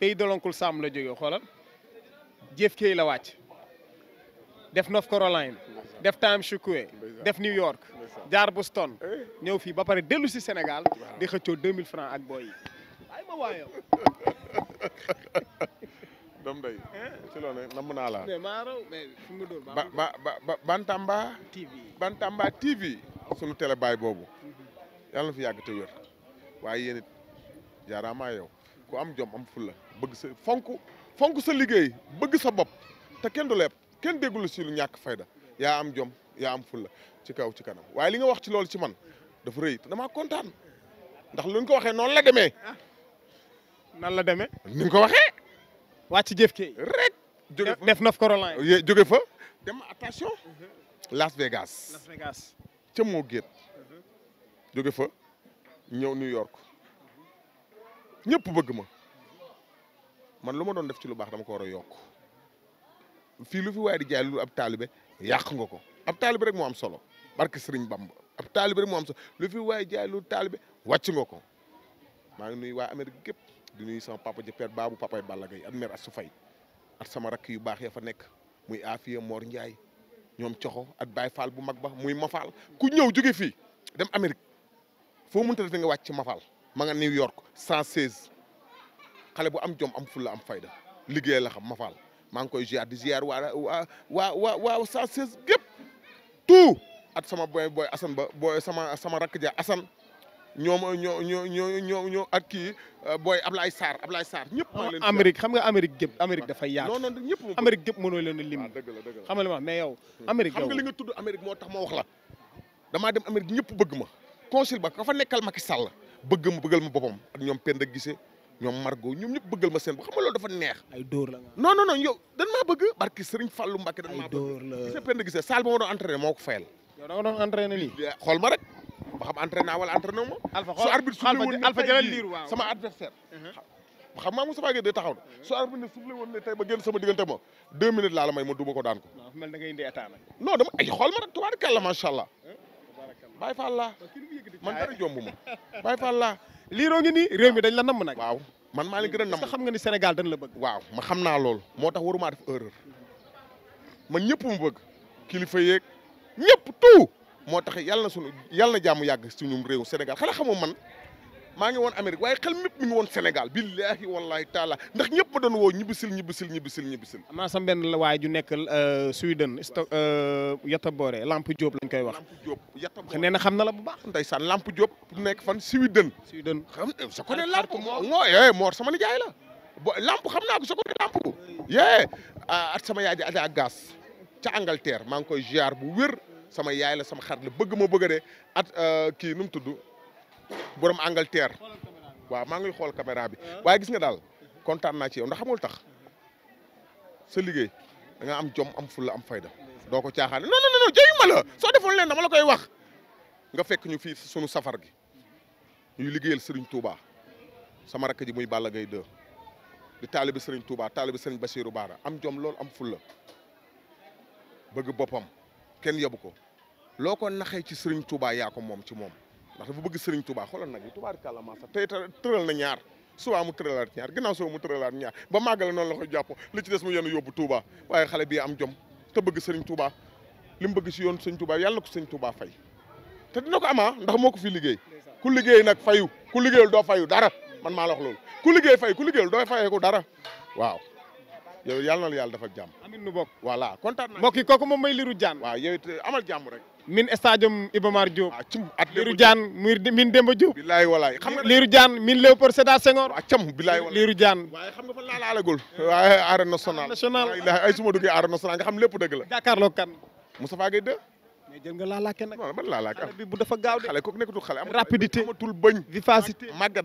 pays de l'oncle Sam la jógee xoolal jëf kii la wàcc def North Carolina def Times-Square def New York jaar Boston ñëw fii ba pare dellu si Sénégal di xëccoo 2000 francs ak booy yi waaye ma waayow doom la ba Bantamba TV sunu télé boobu yàlla na fi yàgg te wér waaye yéen it jaaraamaa ku am jom am fulla bëgg sa fonk fonk sa liggéey bëgg sa bopp te kenn du lepp kenn déggul si lu ñàkk fayda yaa am jom yaa am fulla ci kaw ci kanam waaye li nga wax ci loolu ci man dafa rëy te damaa kontaan ndax luñ ko waxee noonu la demee. Ah, nan la demee. ni ko waxee. wàcc jëf kee. rek jóge fa def North Carolina. jóge fa dem attention. Mhm. Las Vegas. Las Vegas. ca moo géet mhm. jóge fa ñëw New York ñëpp bëgg ma. man lu ma doon def ci lu baax dama ko war a yokk fii lu fi waaye di jaay lu ab taalibe yàq nga ko ab taalibe rek moo am solo barke Sëriñ Bamba ab taalibe rek moo am solo lu fi waaye jaay lu taalibe wàcc nga ko maa ngi nuy waa Amérique gépp di nuyu sama papa jëppeer baabu papay Balla Gaye ak mère Assou Faye ak sama rakk yu baax ya fa nekk muy Afia Mor Ndiaye ñoom coxo ak Baye Fall bu mag ba muy Mafal ku ñëw jóge fi dem Amérique foo mënta def nga wàcc Mafal ma nga New York 116 xale bu am jom am fulla am fayda liggéey la xam ma faal maa ngi koy ziar di ziar waa waa waa waa waa saa sees gépp tout at sama boy boy Assane ba boy sama sama rakk ja assan ñoom ñoo ñoo ñoo ñoo ak kii euh, booy Ablaye Sarr Ablaye Sarr ñëpp. maa leen Amérique xam nga Amérique gépp Amérique dafay yaatu. non non ñëpp Amérique gépp mënoo leen a lim. Ah, dëgg la dëgg la xam li ma wax mais yow. Hmm. Amérique xam nga li nga tudd Amérique moo tax ma wax la. damaa dem Amérique ñëpp bëgg ma. consul ba ka fa nekkal Macky Sall bëgg ma bëggal ma boppam ak ñoom Penda Guissé ñoom Margot ñoom ñëpp bëggal ma seen bopp xam nga loolu dafa neex. ay dóor la nga non non non yow dan maa bëgg barki dan maa bëgg. ay ba ma doon entraîné moo ko fayal. yow da nga doon entraîné lii. Eh, ma rek ba xam ma. alpha xool de uh-huh. taxaw na su arbitre ne soufflé woon ne tey ba génn sama diggante deux minutes laa may ma duma ko daan ko. waaw da ngay ay xool ma rek tubaarkalla macha allah. Eh, tubaarkalla bàyyi fa allah man dara jombu ma bàyyi liiroo ngi nii réew mi dañ la namm nag. waaw man maa leen gën a namm xam nga ni Sénégal dañ la bëgg. waaw ma xam naa loolu moo tax waruma def erreur man ñëpp mu bëgg kilifa yeeg ñëpp tout moo tax yàlla na sunu yàlla na jàmm yàgg suñu réew Sénégal xanaa xamoo man maa ngi woon Amérique waaye xel mépp mi ngi woon Sénégal billaahi wallaahi taala ndax ñëpp ma doon woo ñibbisil ñibbisil ñibbisil ñibbisil maa sama benn waaye ju nekk euh, Sweden sto Yatabore euh, Lamp Diop lañ koy wax Lamp Diop Yatabore nee na xam na la bu baax ndeysaan Lamp Diop nekk fan Sweden Sweden xam sa ko ne Lamp moo moor eh, sama nijaay la bo Lamp xam naa ko sa ko ne Lamp yee ah, at sama yaay di Adja Gass ca Angleterre maa ngi koy ziar bu wér sama yaay la sama xar la bëgg ma bëgg a at euh, kii nu mu tudd borom Angleterre waaw maa ngi xool caméra bi waaye gis nga daal kontaan naa ci yow ndax tax sa liggéey da am jom am fulla am fayda doo ko caaxaane non non non jayu ma soo defoon leen dama la koy wax nga fekk ñu fii sunu safar gi ñuy liggéeyal Serigne tuuba sama rakk ji muy Balla Gaye 2 di taalibi Serigne Touba taalibi Serigne Bassirou Bara am jom loolu am fulla bëgg boppam kenn yabu ko loo ko naxee ci Serigne Touba yaako moom ci moom ndax dafa bëgg sëriñ Touba xoolal nag yi tubaar kàlla masa tey tëral na ñaar suba mu tëralaat ñaar gannaaw suba mu tëralaat ñaar ba màggale noonu la koy jàpp li ci des mu yenn yóbbu Touba waaye xale bii am jom te bëgg sëriñ Touba li mu bëgg si yoon sëñ Touba yàlla na ko sëñ fay te dina ko ama ndax moo ko fi liggéey ku liggéey nag fayu ku liggéeyul doo fayu dara man maa la wax loolu ku liggéey fay ku liggéeyul doo fayeeku dara waaw yow yàlla na la yàlla dafa jàmm. amiin nu bokk voilà kontaan naa. mbokk yi kooku moom may liru jaan. waaw yow amal jàmm min stadium Iba Mar Diop. waaw jaan min Demba Diop. bilaay walaay xam nga liru jaan min Léopold Sédar Senghor. waaw xam nga fa laa la alagul. waaye arène nationale nationale ay suma duggee arène nationale nga xam lépp dëgg la. jàkkaarloo kan. Moustapha Gueye 2. mais nag. non man laalaake. bi bu dafa gaaw de. xale kooku nekkatul xale. rapidité amatul bëñ vivacité